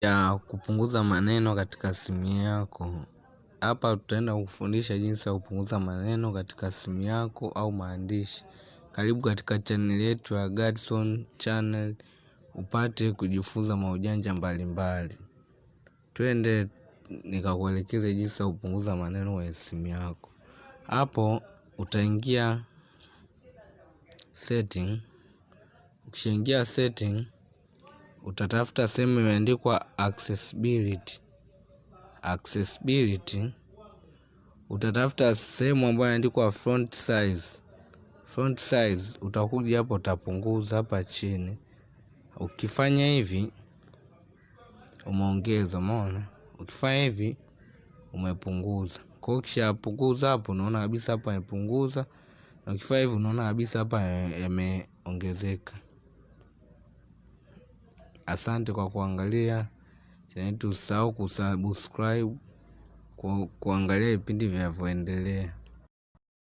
Ya kupunguza maneno katika simu yako. Hapa tutaenda kufundisha jinsi ya kupunguza maneno katika simu yako au maandishi. Karibu katika chaneli yetu ya Gadson Channel upate kujifunza maujanja mbalimbali. Twende nikakuelekeze jinsi ya kupunguza maneno kwenye simu yako. Hapo utaingia setting. Ukishaingia setting utatafuta sehemu imeandikwa accessibility. Accessibility utatafuta sehemu ambayo imeandikwa font size. Font size utakuja hapo, utapunguza hapa chini. Ukifanya hivi umeongeza, umeona. Ukifanya hivi umepunguza. Kwa hiyo ukishapunguza hapo, unaona kabisa hapa amepunguza, na ukifanya hivi unaona kabisa hapa yameongezeka. Asante kwa kuangalia chaneli yetu, usahau kusubscribe kuangalia vipindi vinavyoendelea.